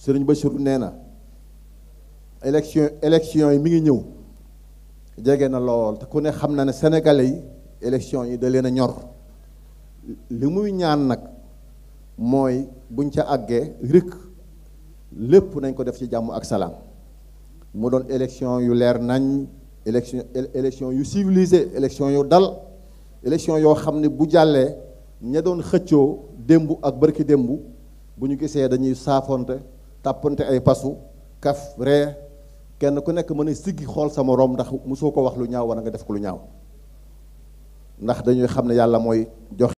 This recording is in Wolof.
Serigne Bachir nee élection élection yi mi ngi ñew jege na lool té ku ne xam na ne sénégalais yi élection yi da leena ñor li muy ñaan nak moy buñ ci aggé rek lépp nañ ko def ci jamm ak salam mu doon élection yu lèr nañ élection élection yu civilisé élection yu dal élection yo xamné bu jàllee ña doon dembu. démb ak barki dembu buñu dañuy safonté tapante ay pasu kaf re kenn ku nekk mën a siggi xool sa morom ndax musoo ko wax lu ñaaw wala nga def ko lu ñaaw ndax dañuy xam ne yàlla